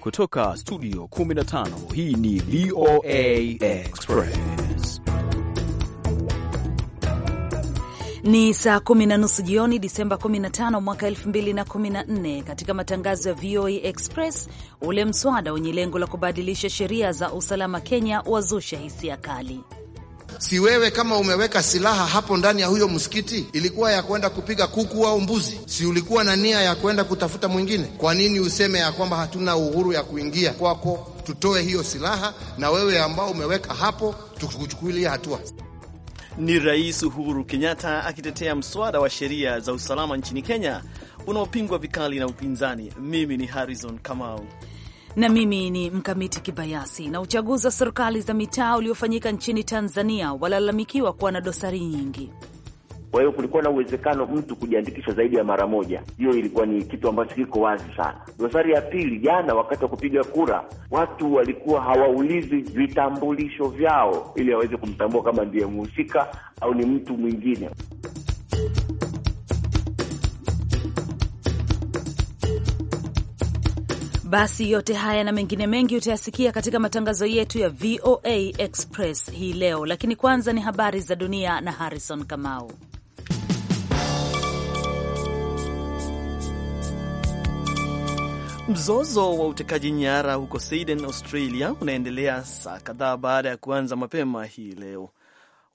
Kutoka studio 15 hii ni VOA Express. Ni saa kumi na nusu jioni Disemba 15 mwaka 2014. Katika matangazo ya VOA Express, ule mswada wenye lengo la kubadilisha sheria za usalama Kenya wazusha hisia kali. Si wewe kama umeweka silaha hapo ndani ya huyo msikiti ilikuwa ya kwenda kupiga kuku au mbuzi? Si ulikuwa na nia ya kwenda kutafuta mwingine? Kwa nini useme ya kwamba hatuna uhuru ya kuingia kwako? Tutoe hiyo silaha na wewe ambao umeweka hapo, tukuchukulia hatua. Ni Rais Uhuru Kenyatta akitetea mswada wa sheria za usalama nchini Kenya unaopingwa vikali na upinzani. Mimi ni Harrison Kamau na mimi ni Mkamiti Kibayasi. Na uchaguzi wa serikali za mitaa uliofanyika nchini Tanzania walalamikiwa kuwa na dosari nyingi. Kwa hiyo kulikuwa na uwezekano mtu kujiandikisha zaidi ya mara moja. Hiyo ilikuwa ni kitu ambacho kiko wazi sana. Dosari ya pili, jana wakati wa kupiga kura, watu walikuwa hawaulizi vitambulisho vyao ili waweze kumtambua kama ndiye mhusika au ni mtu mwingine. Basi yote haya na mengine mengi utayasikia katika matangazo yetu ya VOA Express hii leo, lakini kwanza ni habari za dunia na Harrison Kamau. Mzozo wa utekaji nyara huko Sydney, Australia unaendelea saa kadhaa baada ya kuanza mapema hii leo.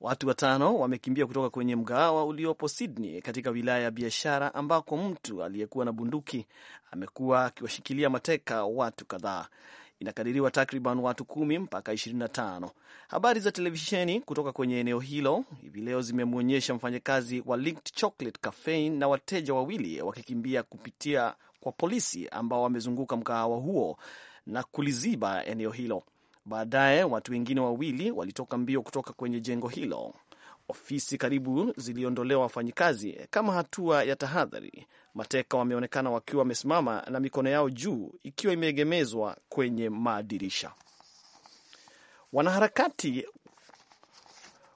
Watu watano wamekimbia kutoka kwenye mgahawa uliopo Sydney katika wilaya ya biashara ambako mtu aliyekuwa na bunduki amekuwa akiwashikilia mateka watu kadhaa. Inakadiriwa takriban watu kumi mpaka 25. Habari za televisheni kutoka kwenye eneo hilo hivi leo zimemwonyesha mfanyakazi wa Linked Chocolate Cafe na wateja wawili wakikimbia kupitia kwa polisi ambao wamezunguka mkahawa huo na kuliziba eneo hilo. Baadaye watu wengine wawili walitoka mbio kutoka kwenye jengo hilo. Ofisi karibu ziliondolewa wafanyikazi kama hatua ya tahadhari. Mateka wameonekana wakiwa wamesimama na mikono yao juu ikiwa imeegemezwa kwenye madirisha. Wanaharakati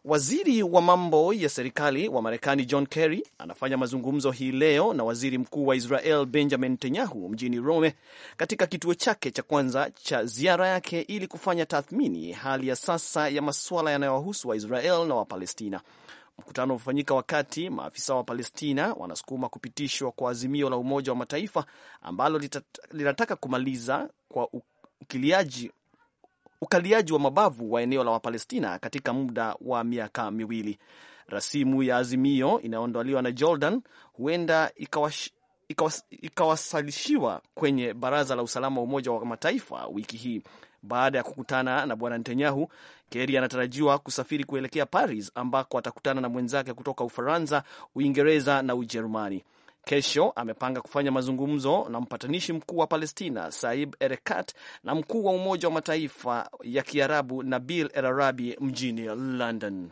Waziri wa mambo ya serikali wa Marekani John Kerry anafanya mazungumzo hii leo na waziri mkuu wa Israel Benjamin Netanyahu mjini Rome katika kituo chake cha kwanza cha ziara yake ili kufanya tathmini hali ya sasa ya masuala yanayowahusu Waisrael na Wapalestina. Mkutano umefanyika wakati maafisa wa Palestina wanasukuma kupitishwa kwa azimio la Umoja wa Mataifa ambalo linataka kumaliza kwa ukiliaji ukaliaji wa mabavu wa eneo la Wapalestina katika muda wa miaka miwili. Rasimu ya azimio inayoondoliwa na Jordan huenda ikawasalishiwa ikawas, ikawas, kwenye Baraza la Usalama wa Umoja wa Mataifa wiki hii baada ya kukutana na Bwana Netanyahu. Keri anatarajiwa kusafiri kuelekea Paris ambako atakutana na mwenzake kutoka Ufaransa, Uingereza na Ujerumani. Kesho amepanga kufanya mazungumzo na mpatanishi mkuu wa Palestina Saib Erekat na mkuu wa Umoja wa Mataifa ya Kiarabu Nabil El Arabi mjini London.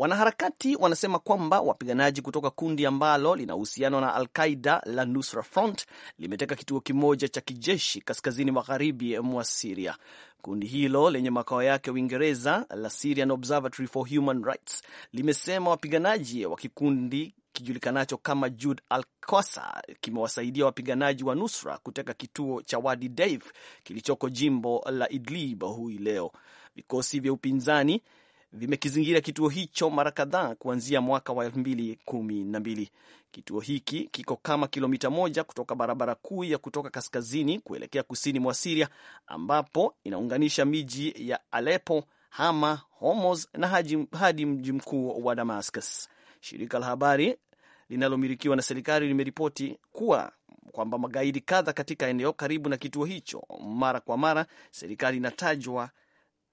Wanaharakati wanasema kwamba wapiganaji kutoka kundi ambalo lina uhusiano na Al-Qaida la Nusra Front limeteka kituo kimoja cha kijeshi kaskazini magharibi mwa Siria. Kundi hilo lenye makao yake Uingereza la Syrian Observatory for Human Rights limesema wapiganaji wa kikundi kijulikanacho kama Jud al kosa kimewasaidia wapiganaji wa Nusra kuteka kituo cha Wadi Dave kilichoko jimbo la Idlib hui leo. Vikosi vya upinzani vimekizingira kituo hicho mara kadhaa kuanzia mwaka wa 2012. Kituo hiki kiko kama kilomita moja kutoka barabara kuu ya kutoka kaskazini kuelekea kusini mwa Siria, ambapo inaunganisha miji ya Alepo, Hama, Homos na hadi mji mkuu wa Damascus. Shirika la habari linalomilikiwa na serikali limeripoti kuwa kwamba magaidi kadha katika eneo karibu na kituo hicho mara kwa mara serikali inatajwa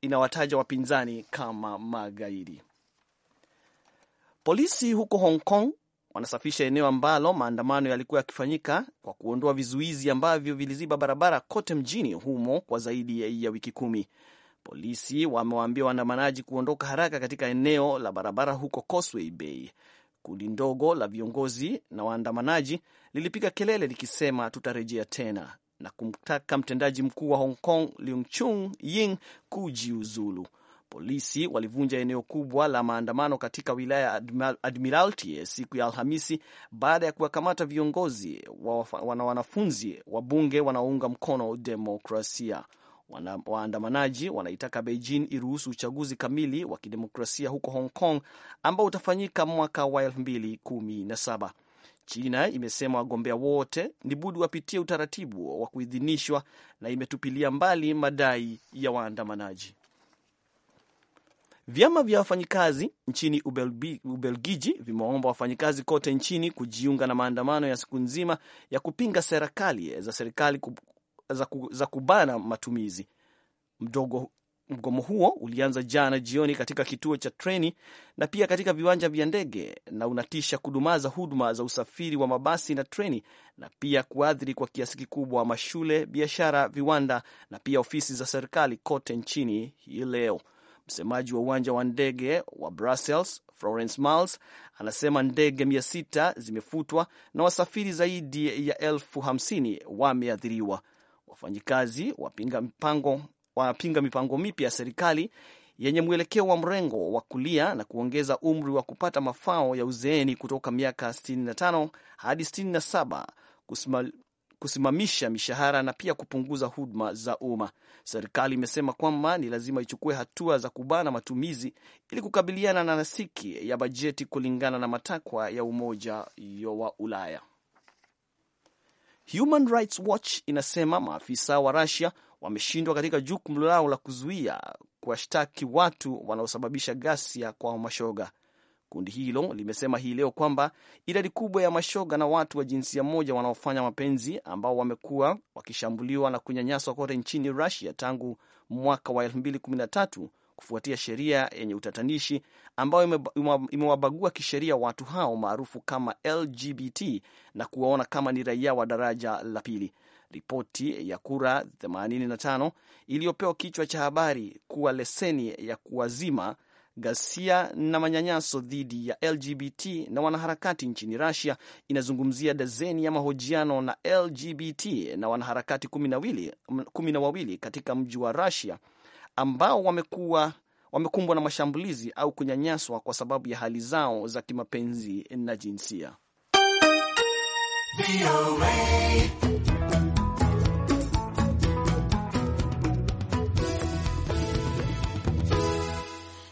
inawataja wapinzani kama magaidi. Polisi huko Hong Kong wanasafisha eneo ambalo maandamano yalikuwa yakifanyika kwa kuondoa vizuizi ambavyo viliziba barabara kote mjini humo kwa zaidi ya wiki kumi. Polisi wamewaambia waandamanaji kuondoka haraka katika eneo la barabara huko Causeway Bay. Kundi ndogo la viongozi na waandamanaji lilipiga kelele likisema tutarejea tena na kumtaka mtendaji mkuu wa Hong Kong Leung Chung Ying kujiuzulu. Polisi walivunja eneo kubwa la maandamano katika wilaya ya Admiralty siku ya Alhamisi baada ya kuwakamata viongozi na wanafunzi wa bunge wanaounga mkono demokrasia. Wana, waandamanaji wanaitaka Beijing iruhusu uchaguzi kamili wa kidemokrasia huko Hong Kong ambao utafanyika mwaka wa 2017. China imesema wagombea wote ni budi wapitie utaratibu wa kuidhinishwa na imetupilia mbali madai ya waandamanaji. Vyama vya wafanyikazi nchini Ubelgiji vimewaomba wafanyikazi kote nchini kujiunga na maandamano ya siku nzima ya kupinga serikali za serikali za kubana matumizi mdogo Mgomo huo ulianza jana jioni katika kituo cha treni na pia katika viwanja vya ndege na unatisha kudumaza huduma za usafiri wa mabasi na treni na pia kuathiri kwa kiasi kikubwa mashule, biashara, viwanda na pia ofisi za serikali kote nchini hii leo. Msemaji wa uwanja wa ndege wa Brussels, Florence Mals, anasema ndege mia sita zimefutwa na wasafiri zaidi ya elfu hamsini wameathiriwa. Wafanyikazi wapinga mpango wanapinga mipango mipya ya serikali yenye mwelekeo wa mrengo wa kulia na kuongeza umri wa kupata mafao ya uzeeni kutoka miaka 65 hadi 67, kusima, kusimamisha mishahara na pia kupunguza huduma za umma. Serikali imesema kwamba ni lazima ichukue hatua za kubana matumizi ili kukabiliana na nasiki ya bajeti kulingana na matakwa ya Umoja wa Ulaya. Human Rights Watch inasema maafisa wa Russia wameshindwa katika jukumu lao la kuzuia kuwashtaki watu wanaosababisha ghasia kwa mashoga. Kundi hilo limesema hii leo kwamba idadi kubwa ya mashoga na watu wa jinsia moja wanaofanya mapenzi ambao wamekuwa wakishambuliwa na kunyanyaswa kote nchini Russia tangu mwaka wa kufuatia sheria yenye utatanishi ambayo imewabagua kisheria watu hao maarufu kama LGBT na kuwaona kama ni raia wa daraja la pili. Ripoti ya kura 85 iliyopewa kichwa cha habari kuwa leseni ya kuwazima ghasia na manyanyaso dhidi ya LGBT na wanaharakati nchini Russia inazungumzia dazeni ya mahojiano na LGBT na wanaharakati kumi na wawili katika mji wa Russia ambao wamekuwa wamekumbwa na mashambulizi au kunyanyaswa kwa sababu ya hali zao za kimapenzi na jinsia.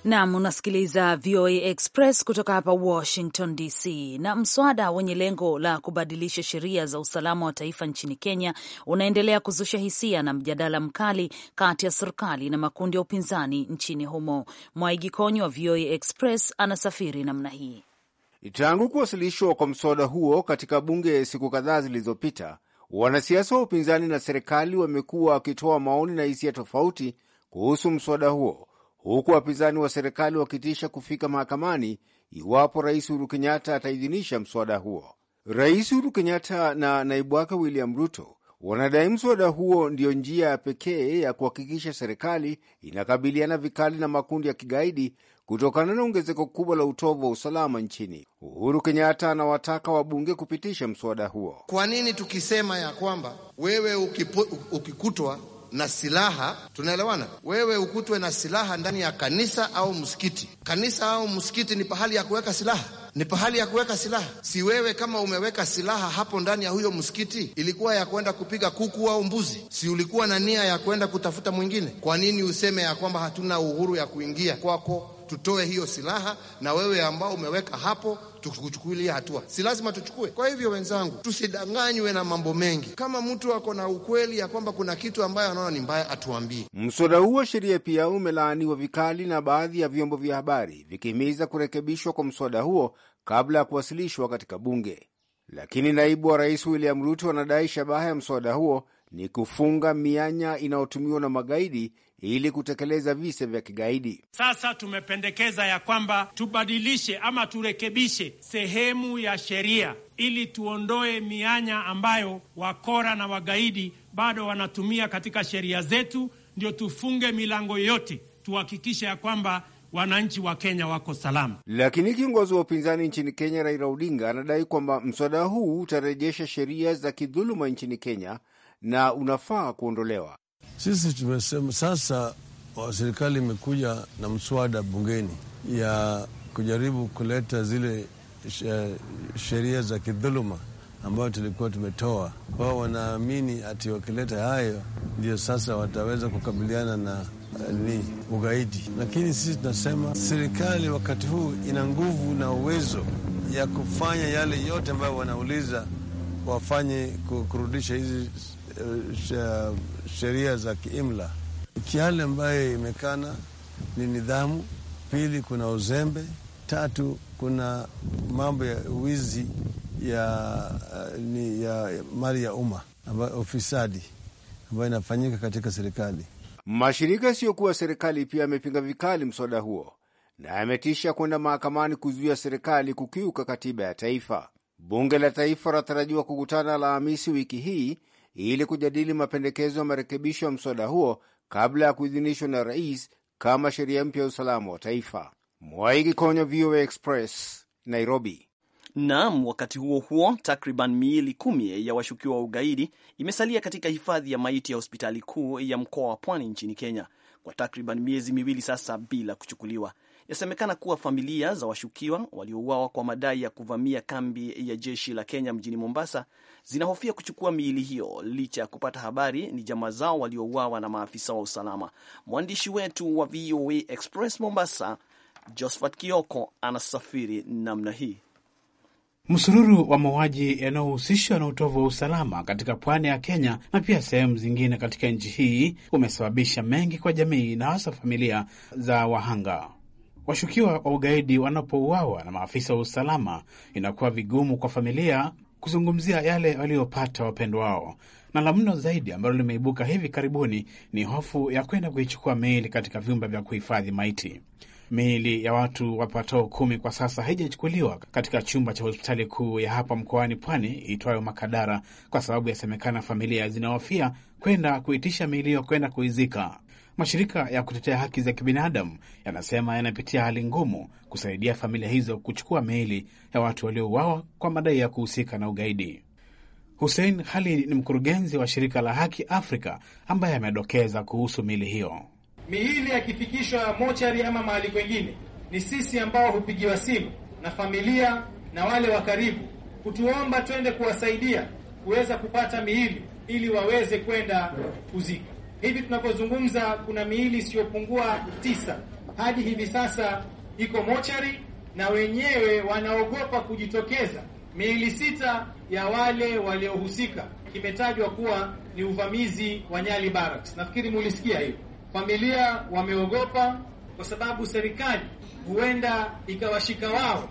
Nam unasikiliza VOA Express kutoka hapa Washington DC. Na mswada wenye lengo la kubadilisha sheria za usalama wa taifa nchini Kenya unaendelea kuzusha hisia na mjadala mkali kati ya serikali na makundi ya upinzani nchini humo. Mwaigikonyo wa VOA Express anasafiri namna hii. Tangu kuwasilishwa kwa mswada huo katika bunge siku kadhaa zilizopita, wanasiasa wa upinzani na serikali wamekuwa wakitoa maoni na hisia tofauti kuhusu mswada huo huku wapinzani wa serikali wakitisha kufika mahakamani iwapo Rais Uhuru Kenyatta ataidhinisha mswada huo. Rais Uhuru Kenyatta na naibu wake William Ruto wanadai mswada huo ndiyo njia ya pekee ya kuhakikisha serikali inakabiliana vikali na makundi ya kigaidi kutokana na ongezeko kubwa la utovu wa usalama nchini. Uhuru Kenyatta anawataka wabunge kupitisha mswada huo. Kwa nini tukisema ya kwamba wewe ukikutwa na silaha. Tunaelewana? Wewe ukutwe na silaha ndani ya kanisa au msikiti. Kanisa au msikiti ni pahali ya kuweka silaha ni pahali ya kuweka silaha. Si wewe kama umeweka silaha hapo ndani ya huyo msikiti, ilikuwa ya kwenda kupiga kuku au mbuzi? Si ulikuwa na nia ya kwenda kutafuta mwingine? Kwa nini useme ya kwamba hatuna uhuru ya kuingia kwako? tutoe hiyo silaha, na wewe ambao umeweka hapo tukuchukulia hatua. Si lazima tuchukue. Kwa hivyo, wenzangu, tusidanganywe na mambo mengi. Kama mtu ako na ukweli ya kwamba kuna kitu ambayo anaona ni mbaya, atuambie. Mswada huo wa sheria pia umelaaniwa vikali na baadhi ya vyombo vya habari vikihimiza kurekebishwa kwa mswada huo kabla ya kuwasilishwa katika bunge, lakini naibu wa rais William Ruto anadai shabaha ya mswada huo ni kufunga mianya inayotumiwa na magaidi ili kutekeleza visa vya kigaidi. Sasa tumependekeza ya kwamba tubadilishe ama turekebishe sehemu ya sheria ili tuondoe mianya ambayo wakora na wagaidi bado wanatumia katika sheria zetu, ndio tufunge milango yote, tuhakikishe ya kwamba wananchi wa Kenya wako salama. Lakini kiongozi wa upinzani nchini Kenya Raila Odinga anadai kwamba mswada huu utarejesha sheria za kidhuluma nchini Kenya na unafaa kuondolewa. Sisi tumesema sasa, serikali imekuja na mswada bungeni ya kujaribu kuleta zile sheria za kidhuluma ambayo tulikuwa tumetoa. kwao wanaamini ati wakileta hayo ndio sasa wataweza kukabiliana na eh, ni ugaidi, lakini sisi tunasema serikali wakati huu ina nguvu na uwezo ya kufanya yale yote ambayo wanauliza wafanye, kurudisha hizi sheria za kiimla. Yale ambayo imekana ni nidhamu, pili kuna uzembe, tatu kuna mambo ya wizi ya, eh, ni ya mali ya umma ambayo ufisadi ambayo inafanyika katika serikali. Mashirika yasiyokuwa serikali pia yamepinga vikali mswada huo na yametisha kwenda mahakamani kuzuia serikali kukiuka katiba ya taifa. Bunge la Taifa linatarajiwa kukutana Alhamisi wiki hii ili kujadili mapendekezo ya marekebisho ya mswada huo kabla ya kuidhinishwa na rais kama sheria mpya ya usalama wa taifa. Mwaigi Konyo, VOA Express, Nairobi. Naam. Wakati huo huo, takriban miili kumi ya washukiwa wa ugaidi imesalia katika hifadhi ya maiti ya hospitali kuu ya mkoa wa Pwani nchini Kenya kwa takriban miezi miwili sasa bila kuchukuliwa. Yasemekana kuwa familia za washukiwa waliouawa kwa madai ya kuvamia kambi ya jeshi la Kenya mjini Mombasa zinahofia kuchukua miili hiyo licha ya kupata habari ni jamaa zao waliouawa na maafisa wa usalama. Mwandishi wetu wa VOA Express Mombasa, Josephat Kioko, anasafiri namna hii. Msururu wa mauaji yanayohusishwa na utovu wa usalama katika pwani ya Kenya na pia sehemu zingine katika nchi hii umesababisha mengi kwa jamii na hasa familia za wahanga. Washukiwa wa ugaidi wanapouawa na maafisa wa usalama, inakuwa vigumu kwa familia kuzungumzia yale waliopata wapendwa wao, na la mno zaidi ambalo limeibuka hivi karibuni ni hofu ya kwenda kuichukua miili katika vyumba vya kuhifadhi maiti. Miili ya watu wapatao kumi kwa sasa haijachukuliwa katika chumba cha hospitali kuu ya hapa mkoani Pwani itwayo Makadara kwa sababu yasemekana familia zinahofia kwenda kuitisha miili hiyo kwenda kuizika. Mashirika ya kutetea haki za kibinadamu yanasema yanapitia hali ngumu kusaidia familia hizo kuchukua miili ya watu waliouawa kwa madai ya kuhusika na ugaidi. Hussein Khalid ni mkurugenzi wa shirika la Haki Afrika ambaye amedokeza kuhusu miili hiyo. Miili yakifikishwa mochari ama mahali kwengine, ni sisi ambao hupigiwa simu na familia na wale wa karibu kutuomba twende kuwasaidia kuweza kupata miili ili waweze kwenda kuzika. Hivi tunavyozungumza kuna miili isiyopungua tisa hadi hivi sasa iko mochari, na wenyewe wanaogopa kujitokeza. Miili sita ya wale waliohusika kimetajwa kuwa ni uvamizi wa Nyali Barracks. Nafikiri mulisikia hiyo. Familia wameogopa kwa sababu serikali huenda ikawashika wao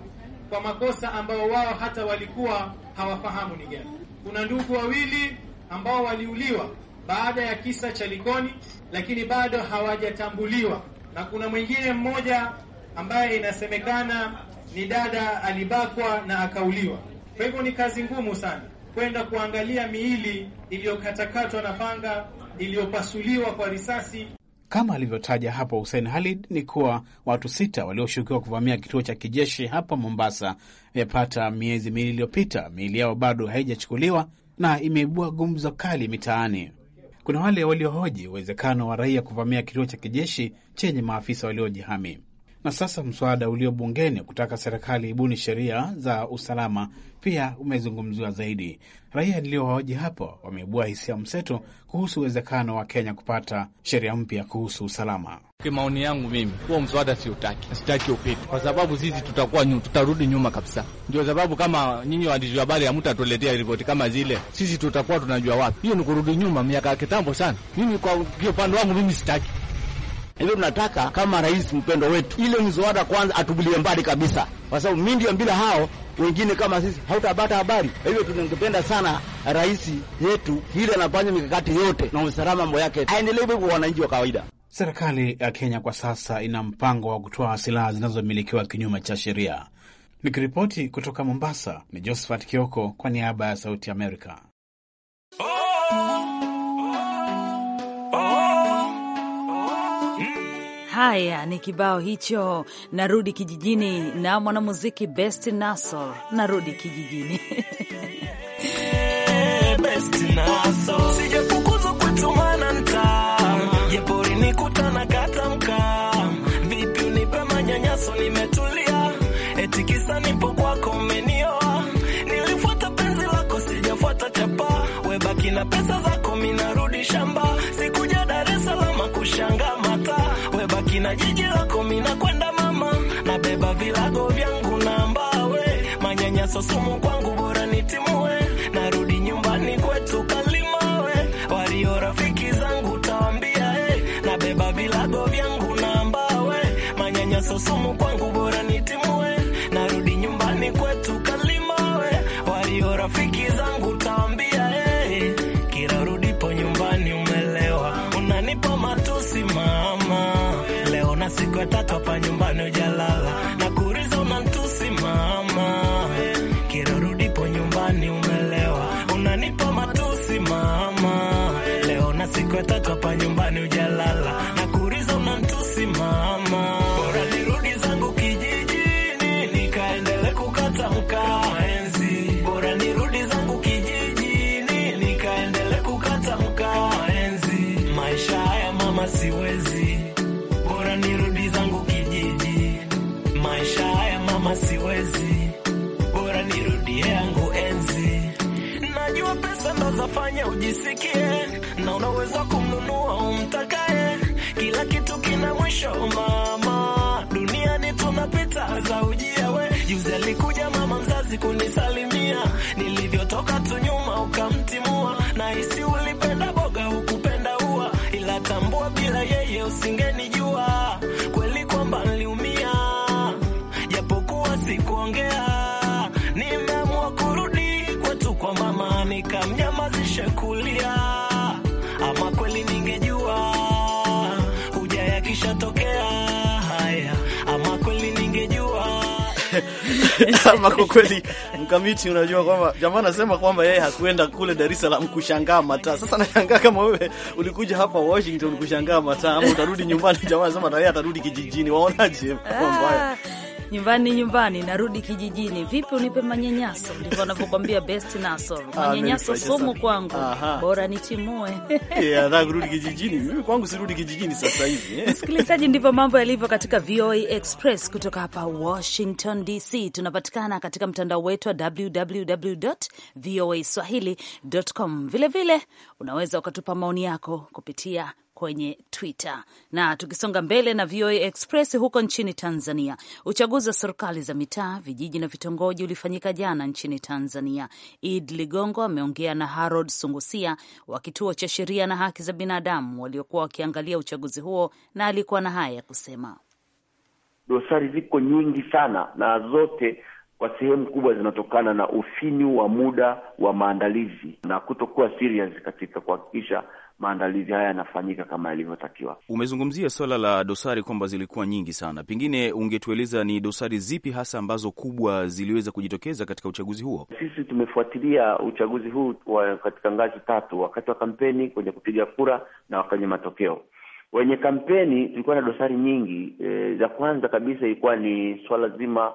kwa makosa ambao wao hata walikuwa hawafahamu ni gani. Kuna ndugu wawili ambao waliuliwa baada ya kisa cha Likoni, lakini bado hawajatambuliwa. Na kuna mwingine mmoja ambaye inasemekana ni dada alibakwa na akauliwa. Kwa hivyo ni kazi ngumu sana kwenda kuangalia miili iliyokatakatwa na panga, iliyopasuliwa kwa risasi. Kama alivyotaja hapo Hussein Halid ni kuwa watu sita walioshukiwa kuvamia kituo cha kijeshi hapa Mombasa imepata miezi miwili iliyopita, miili yao bado haijachukuliwa na imeibua gumzo kali mitaani. Kuna wale waliohoji uwezekano wa raia kuvamia kituo cha kijeshi chenye maafisa waliojihami na sasa mswada ulio bungeni kutaka serikali ibuni sheria za usalama pia umezungumziwa zaidi. Raia niliowahoji hapo wameibua hisia mseto kuhusu uwezekano wa Kenya kupata sheria mpya kuhusu usalama. maoni yangu mimi, huo mswada siutaki, sitaki upite, kwa sababu sisi tutakuwa nyu, tutarudi nyuma kabisa. Ndio sababu kama nyinyi waandishi wa habari hamtatuletea ripoti kama zile, sisi tutakuwa tunajua wapi? Hiyo ni kurudi nyuma miaka ya kitambo sana. Mimi kwa upande wangu mimi sitaki Hivyo tunataka kama rais mpendo wetu, ile mswada kwanza atubulie mbali kabisa, kwa sababu ndio bila hao wengine kama sisi hautapata habari. Hivyo tunangependa sana rais yetu vile anafanya mikakati yote na usalama mambo yake aendelee hivyo kwa wananchi wa kawaida. Serikali ya Kenya kwa sasa ina mpango wa kutoa silaha zinazomilikiwa kinyume cha sheria. Nikiripoti kutoka Mombasa ni Josephat Kioko kwa niaba ya Sauti Amerika. Haya, ni kibao hicho, narudi kijijini, na mwanamuziki Best Nassor, narudi kijijini Best nikutana kata mka nimetulia nilifuata lako sijafuata pesa zako minarudi shamba jiji lako mina kwenda mama, nabeba vilago vyangu na mbawe, manyanyaso sumu kwangu, bora nitimue pekee na unaweza kumnunua umtakaye. Kila kitu kina mwisho mama, duniani tunapita za ujia. We juzi alikuja mama mzazi kunisalimia, nilivyotoka tu nyuma ukamtimua, na hisi ulipenda boga ukupenda ua, ila tambua bila yeye usinge ama kwa kweli mkamiti, unajua kwamba jamaa anasema kwamba yeye hakuenda kule Dar es Salaam kushangaa mataa. Sasa nashangaa kama wewe ulikuja hapa Washington kushangaa mataa ama utarudi nyumbani. Jamaa anasema naye atarudi kijijini, waonaje? nyumbani nyumbani, narudi kijijini, vipi unipe manyanyaso? Ndivyo wanavyokwambia best naso, ah, manyanyaso sumu kwangu, bora nichimue. Yeah, kurudi kijijini mimi kwangu, sirudi kijijini sasa hivi. Eh. Msikilizaji, ndivyo mambo yalivyo katika VOA Express kutoka hapa Washington DC. Tunapatikana katika mtandao wetu wa www voa swahili com. Vilevile unaweza ukatupa maoni yako kupitia kwenye Twitter. Na tukisonga mbele na VOA Express, huko nchini Tanzania, uchaguzi wa serikali za mitaa, vijiji na vitongoji ulifanyika jana nchini Tanzania. Id Ligongo ameongea na Harold Sungusia wa kituo cha sheria na haki za binadamu waliokuwa wakiangalia uchaguzi huo, na alikuwa na haya ya kusema. Dosari ziko nyingi sana na zote kwa sehemu kubwa zinatokana na ufinyu wa muda wa maandalizi na kutokuwa serious katika kuhakikisha maandalizi haya yanafanyika kama yalivyotakiwa. Umezungumzia swala la dosari kwamba zilikuwa nyingi sana, pengine ungetueleza ni dosari zipi hasa ambazo kubwa ziliweza kujitokeza katika uchaguzi huo? Sisi tumefuatilia uchaguzi huu wa katika ngazi tatu, wakati wa kampeni, kwenye kupiga kura na wakenye matokeo. Wenye kampeni tulikuwa na dosari nyingi. E, za kwanza kabisa ilikuwa ni swala zima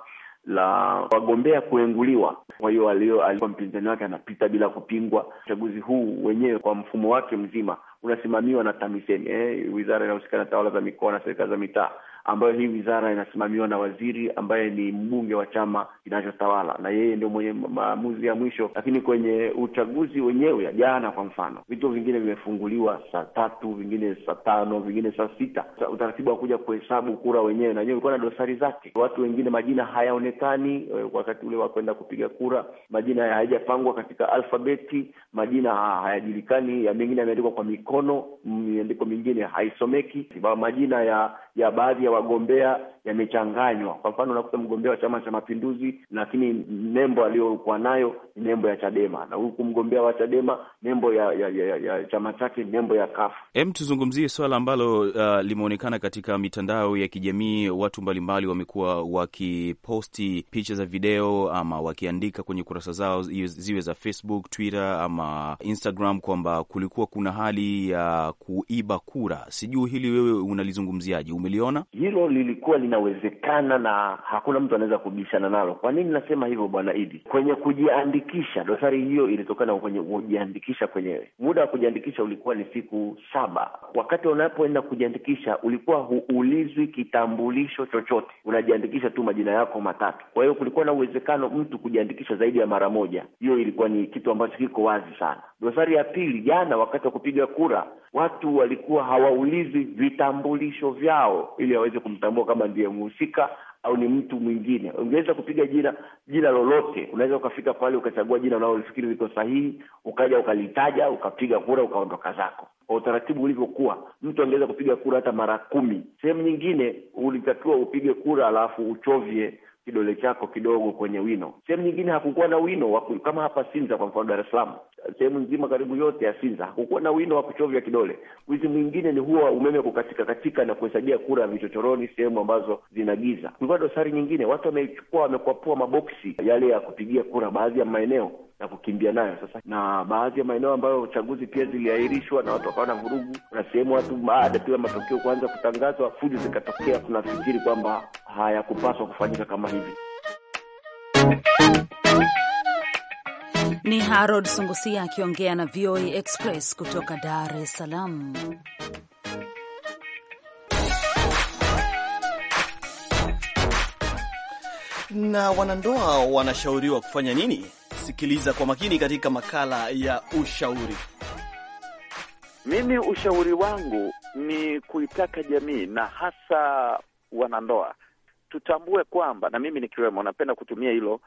la wagombea kuenguliwa. Kwa hiyo alikuwa mpinzani wake anapita bila kupingwa. Uchaguzi huu wenyewe kwa mfumo wake mzima unasimamiwa na TAMISEMI, eh, wizara inayohusika na tawala za mikoa na serikali za mitaa ambayo hii wizara inasimamiwa na waziri ambaye ni mbunge wa chama kinachotawala na yeye ndio mwenye maamuzi ya mwisho. Lakini kwenye uchaguzi wenyewe ya jana, kwa mfano, vituo vingine vimefunguliwa saa tatu, vingine saa tano, vingine saa sita. Utaratibu wa kuja kuhesabu kura wenyewe na wenyewe ulikuwa na dosari zake. Watu wengine majina hayaonekani eh, wakati ule wa kwenda kupiga kura, majina hayajapangwa katika alfabeti, majina hayajulikani, ya mengine yameandikwa kwa mikono, miandiko mingine haisomeki, majina ya ya baadhi ya wagombea yamechanganywa. Kwa mfano, unakuta mgombea wa Chama cha Mapinduzi, lakini nembo aliyokuwa nayo ni nembo ya Chadema, na huku mgombea wa Chadema nembo ya, ya, ya, ya chama chake nembo ya kafu. Hem, tuzungumzie swala ambalo uh, limeonekana katika mitandao ya kijamii. Watu mbalimbali wamekuwa wakiposti picha za video ama wakiandika kwenye kurasa zao ziwe za Facebook, Twitter ama Instagram kwamba kulikuwa kuna hali ya uh, kuiba kura. Sijui hili wewe unalizungumziaje? Umeliona hilo? Lilikuwa li linawezekana na hakuna mtu anaweza kubishana nalo. Kwa nini nasema hivyo, Bwana Idi? Kwenye kujiandikisha, dosari hiyo ilitokana kwenye kujiandikisha kwenyewe. Muda wa kujiandikisha ulikuwa ni siku saba. Wakati unapoenda kujiandikisha, ulikuwa huulizwi kitambulisho chochote, unajiandikisha tu majina yako matatu. Kwa hiyo kulikuwa na uwezekano mtu kujiandikisha zaidi ya mara moja. Hiyo ilikuwa ni kitu ambacho kiko wazi sana. Dosari ya pili, jana wakati wa kupiga kura watu walikuwa hawaulizi vitambulisho vyao ili waweze kumtambua kama ndiye mhusika au ni mtu mwingine. Ungeweza kupiga jina jina lolote, unaweza ukafika pale ukachagua jina unalofikiri liko sahihi, ukaja ukalitaja, ukapiga kura, ukaondoka zako. Kwa utaratibu ulivyokuwa, mtu angeweza kupiga kura hata mara kumi. Sehemu nyingine ulitakiwa upige kura alafu uchovye kidole chako kidogo kwenye wino. Sehemu nyingine hakukuwa na wino waku, kama hapa Sinza kwa mfano, Dar es Salaam, sehemu nzima karibu yote ya Sinza hakukuwa na wino wa kuchovya kidole. Wizi mwingine ni huwa umeme kukatika katika na kuhesabia kura vichochoroni, sehemu ambazo zina giza. Kulikuwa dosari nyingine, watu wamechukua wamekwapua maboksi yale ya kupigia kura, baadhi ya maeneo na kukimbia nayo sasa. Na baadhi ya maeneo ambayo chaguzi pia ziliahirishwa na watu wakawa na vurugu, kuna sehemu watu baada tu ya matokeo kuanza kutangazwa, fujo zikatokea. Tunafikiri kwamba hayakupaswa kufanyika kama hivi. Ni Harold Sungusia akiongea na VOA Express kutoka Dar es Salaam. Na wanandoa wanashauriwa kufanya nini kusikiliza kwa makini katika makala ya ushauri. Mimi ushauri wangu ni kuitaka jamii na hasa wanandoa tutambue kwamba, na mimi nikiwemo, napenda kutumia hilo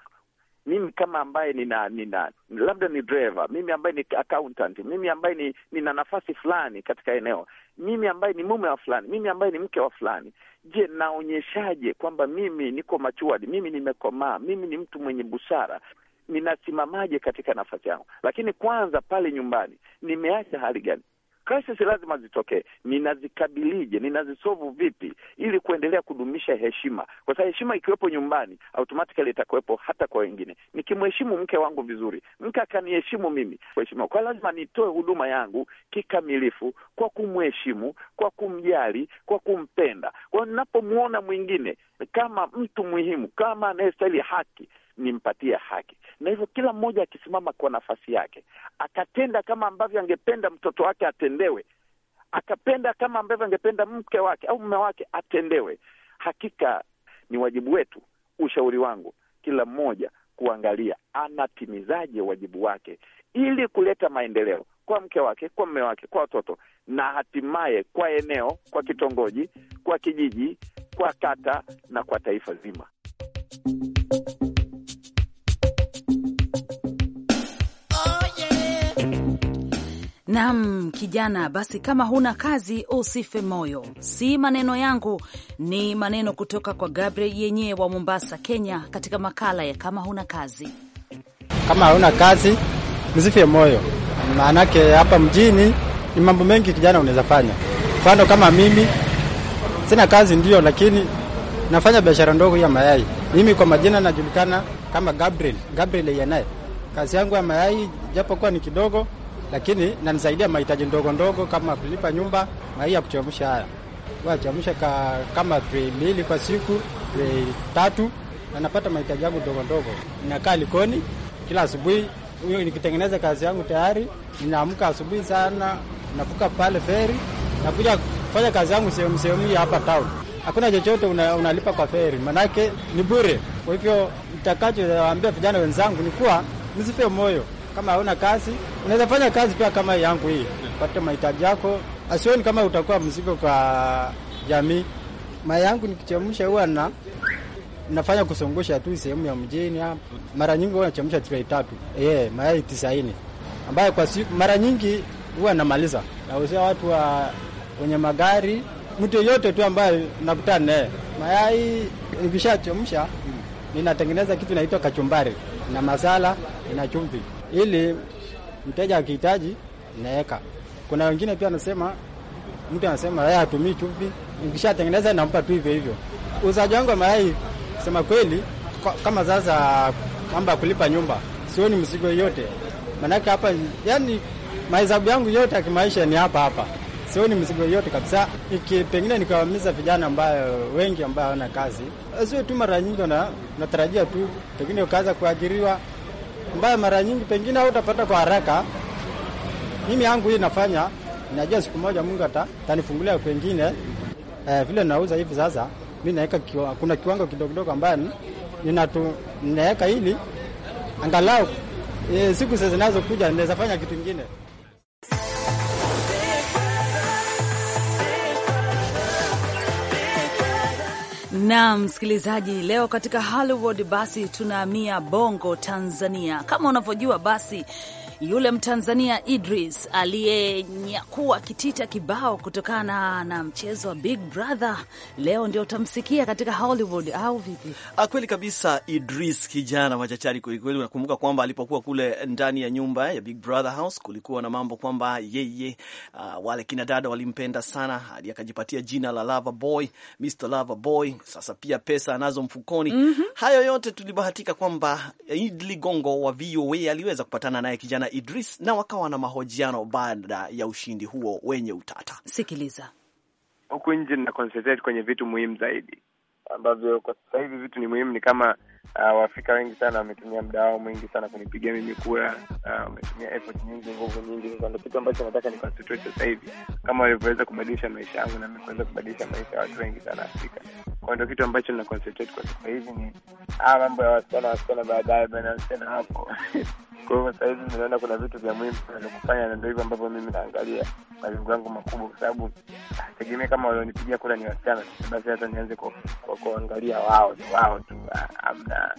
mimi kama ambaye nina nina labda ni driver, mimi ambaye ni accountant, mimi ambaye ni, nina nafasi fulani katika eneo, mimi ambaye ni mume wa fulani, mimi ambaye ni mke wa fulani. Je, naonyeshaje kwamba mimi niko machuadi, mimi nimekomaa, mimi ni mtu mwenye busara? ninasimamaje katika nafasi yangu, lakini kwanza pale nyumbani nimeacha hali gani? Crisis lazima zitokee, ninazikabilije? Ninazisovu vipi ili kuendelea kudumisha heshima? Kwa sababu heshima ikiwepo nyumbani, automatically itakuwepo hata kwa wengine. Nikimheshimu mke wangu vizuri, mke akaniheshimu mimi, heshima kwa lazima nitoe huduma yangu kikamilifu, kwa kumheshimu, kwa kumjali, kwa kumpenda. Kwa hiyo ninapomwona mwingine kama mtu muhimu, kama anayestahili haki, nimpatie haki. Na hivyo kila mmoja akisimama kwa nafasi yake akatenda kama ambavyo angependa mtoto wake atendewe, akapenda kama ambavyo angependa mke wake au mume wake atendewe, hakika ni wajibu wetu. Ushauri wangu kila mmoja kuangalia anatimizaje wajibu wake ili kuleta maendeleo kwa mke wake, kwa mume wake, kwa watoto na hatimaye kwa eneo, kwa kitongoji, kwa kijiji, kwa kata na kwa taifa zima. Naam, kijana, basi kama huna kazi usife moyo. Si maneno yangu, ni maneno kutoka kwa Gabriel yenyewe wa Mombasa, Kenya, katika makala ya kama huna kazi. Kama huna kazi msife moyo, maanake hapa mjini ni mambo mengi kijana unaweza fanya. Mfano kama mimi sina kazi, ndio, lakini nafanya biashara ndogo ya mayai. Mimi kwa majina najulikana kama Gabriel, Gabriel Yanaye. Kazi yangu ya mayai japokuwa ni kidogo lakini nanisaidia mahitaji ndogo ndogo kama kulipa nyumba na hii ya kuchemsha. Haya wachemsha ka, kama trei mbili kwa siku, trei tatu, na napata mahitaji yangu ndogo ndogo. Nakaa likoni kila asubuhi huyo nikitengeneza kazi yangu tayari. Ninaamka asubuhi sana, navuka pale feri, nakuja kufanya kazi yangu sehemu sehemu hii hapa town. Hakuna chochote una, unalipa kwa feri, manake ni bure. Kwa hivyo nitakachowaambia vijana wenzangu ni kuwa msife moyo, kama hauna kazi, unaweza fanya kazi pia kama yangu hii, upate mahitaji yako. Asioni kama utakuwa mzigo kwa jamii. Mayai yangu nikichemsha huwa na nafanya kusongosha tu sehemu ya mjini hapa. Mara nyingi huwa nachemsha trei tatu, yeah, mayai tisaini ambayo kwa siku mara nyingi huwa namaliza, nauzia watu wa kwenye magari, mtu yeyote tu ambaye nakutana naye. Mayai nikishachemsha hmm. ninatengeneza kitu inaitwa kachumbari na masala na chumvi ili mteja akihitaji naweka. Kuna wengine pia anasema, mtu anasema yeye atumii chumvi, nikishatengeneza nampa tu hivyo hivyo. Uzaji wangu wa mayai sema kweli, kama sasa kwamba kulipa nyumba sioni mzigo yote, maanake hapa yani mahesabu yangu yote ya kimaisha ni hapa hapa, sioni mzigo yote kabisa. Iki pengine nikawamiza vijana ambayo wengi ambayo hawana kazi, sio tu mara nyingi na natarajia tu pengine ukaweza kuajiriwa ambayo mara nyingi pengine au utapata kwa haraka. Mimi yangu hii nafanya, najua siku moja Mungu atanifungulia kwengine. Eh, vile nauza hivi sasa, mi naweka kiwa, kuna kiwango kidogo kidogo ambayo naweka ili angalau eh, siku zinazokuja naweza fanya kitu kingine. Naam, msikilizaji, leo katika Hollywood basi tunaamia Bongo, Tanzania. Kama unavyojua basi yule Mtanzania Idris aliyenyakua kitita kibao kutokana na mchezo wa Big Brother, leo ndio utamsikia katika Hollywood au vipi? Ah, kweli kabisa, Idris kijana machachari kwelikweli. Unakumbuka kwamba alipokuwa kule ndani ya nyumba ya Big Brother House kulikuwa na mambo kwamba yeye, uh, wale kina dada walimpenda sana hadi akajipatia jina la Lava Boy, Mr Lava Boy. Sasa pia pesa anazo mfukoni. mm -hmm. Hayo yote tulibahatika kwamba Idli Gongo wa VOA aliweza kupatana naye kijana Idris na wakawa na mahojiano baada ya ushindi huo wenye utata. Sikiliza. Huku nje na concentrate kwenye vitu muhimu zaidi ambavyo kwa sasa hivi vitu ni muhimu, ni kama uh, Waafrika wengi sana wametumia muda wao mwingi sana kunipigia mimi kura, uh, wametumia uh, effort nyingi, nguvu nyingi. Sasa ndo kitu ambacho nataka ni concentrate sasa hivi, kama walivyoweza kubadilisha maisha yangu na mimi kubadilisha maisha ya watu wengi sana Afrika. Kwa ndo kitu ambacho nina concentrate kwa sasa hivi ni haya ah, mambo ya wasichana, wasichana baadaye bana, wasichana hapo Kwa hiyo sasa hivi ninaona kuna vitu vya muhimu vya kufanya, na ndio hivyo ambavyo mimi naangalia malengo yangu makubwa, kwa sababu ah, tegemea kama walionipigia kura ni wasichana, basi hata nianze kuangalia wao ni wao tu, ah, amna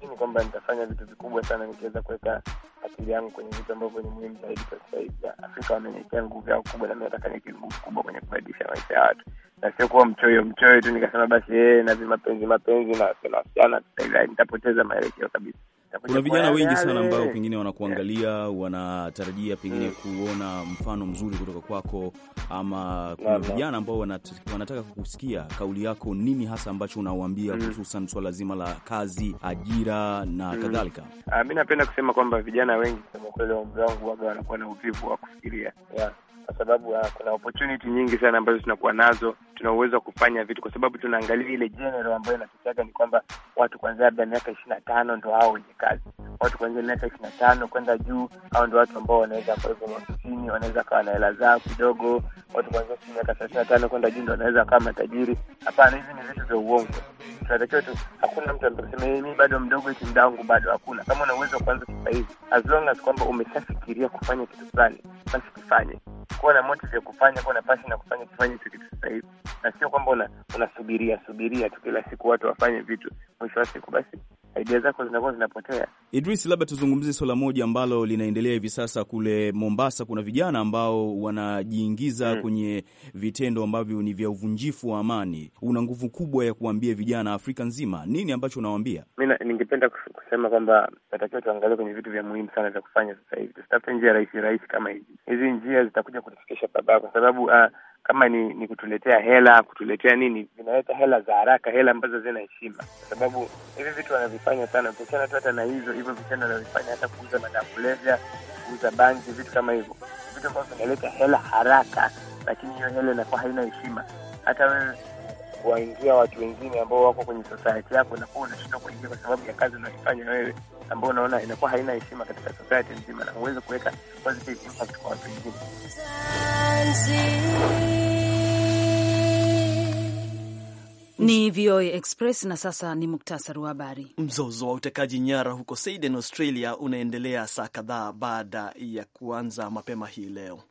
ni kwamba nitafanya vitu vikubwa sana nikiweza kuweka akili yangu kwenye vitu ambavyo ni muhimu zaidi kwa sasa hivi. Afrika wameniekea nguvu yao kubwa, nami nataka niweke nguvu kubwa kwenye kubadilisha maisha ya watu, na sio kuwa mchoyo mchoyo tu nikasema basi ee, na vimapenzi mapenzi na wasichana, nitapoteza maelekeo kabisa. Kuna vijana wengi sana ambao pengine wanakuangalia, wanatarajia pengine mm. kuona mfano mzuri kutoka kwako, ama kuna vijana ambao wanataka kusikia kauli yako, nini hasa ambacho unawaambia mm. hususan mm. swala zima la kazi, ajira na mm. kadhalika. Ah, mi napenda kusema kwamba vijana wengi, kusema kweli, wa umri wangu waga wanakuwa na uvivu wa kufikiria yeah kwa sababu uh, kuna opportunity nyingi sana ambazo tunakuwa nazo, tuna uwezo wa kufanya vitu, kwa sababu tunaangalia ile general ambayo inatokea ni kwamba watu kwanzia labda miaka ishirini na tano ndo hao wenye kazi, watu kwanzia miaka ishirini na tano kwenda juu, hao ndo watu ambao wanaweza kwa hivyo maofisini, wanaweza kawa na hela zao kidogo. Watu kwanzia miaka thelathini na tano kwenda juu ndo wanaweza kawa matajiri. Hapana, hivi ni vitu vya uongo tunatakiwa tu, hakuna mtu anasema mimi bado mdogo, eti mdangu bado. Hakuna, kama una uwezo wa kuanza sasa hivi, as long as kwamba umeshafikiria kufanya kitu fulani, basi kifanye. Kuwa na motive ya kufanya, kuwa na passion ya kufanya, kufanya hicho kitu sasa hivi, na sio kwamba unasubiria una subiria tu kila siku watu wafanye vitu, mwisho wa siku basi aidia zako zinakuwa zinapotea. Idris, labda tuzungumzie swala moja ambalo linaendelea hivi sasa kule Mombasa. Kuna vijana ambao wanajiingiza hmm, kwenye vitendo ambavyo ni vya uvunjifu wa amani. Una nguvu kubwa ya kuambia vijana Afrika nzima, nini ambacho unawaambia? Mi ningependa kusema kwamba natakiwa tuangalie kwenye vitu vya muhimu sana vya kufanya sasa hivi, tusitafute njia rahisi rahisi kama hizi. Hizi njia zitakuja kutufikisha babaa, kwa sababu uh, kama ni, ni kutuletea hela kutuletea nini, vinaleta hela za haraka, hela ambazo zina heshima, kwa sababu hivi vitu wanavifanya sana, ukiachana tu hata na hizo hivyo vitendo wanavifanya hata kuuza madawa kulevya, kuuza bangi, vitu kama hivyo, vitu ambavyo vinaleta hela haraka, lakini hiyo hela inakuwa haina heshima. Hata wewe kuwaingia watu wengine ambao wako kwenye society yako, unakuwa unashindwa kuingia kwa sababu ya kazi unaifanya wewe ambayo unaona inakuwa haina heshima katika society nzima na huwezi kuweka positive impact kwa watu wengine. Ni VOA Express na sasa ni muktasari wa habari. Mzozo wa utekaji nyara huko Sydney, Australia unaendelea saa kadhaa baada ya kuanza mapema hii leo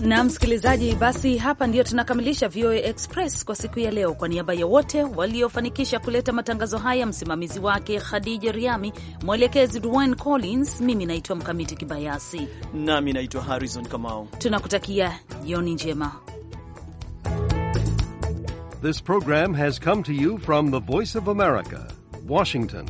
na msikilizaji, basi hapa ndiyo tunakamilisha VOA Express kwa siku ya leo. Kwa niaba ya wote waliofanikisha kuleta matangazo haya, msimamizi wake Khadija Riami, mwelekezi Dwayne Collins, mimi naitwa Mkamiti Kibayasi nami naitwa Harrison Kamau. Tunakutakia jioni njema. This program has come to you from the Voice of America, Washington.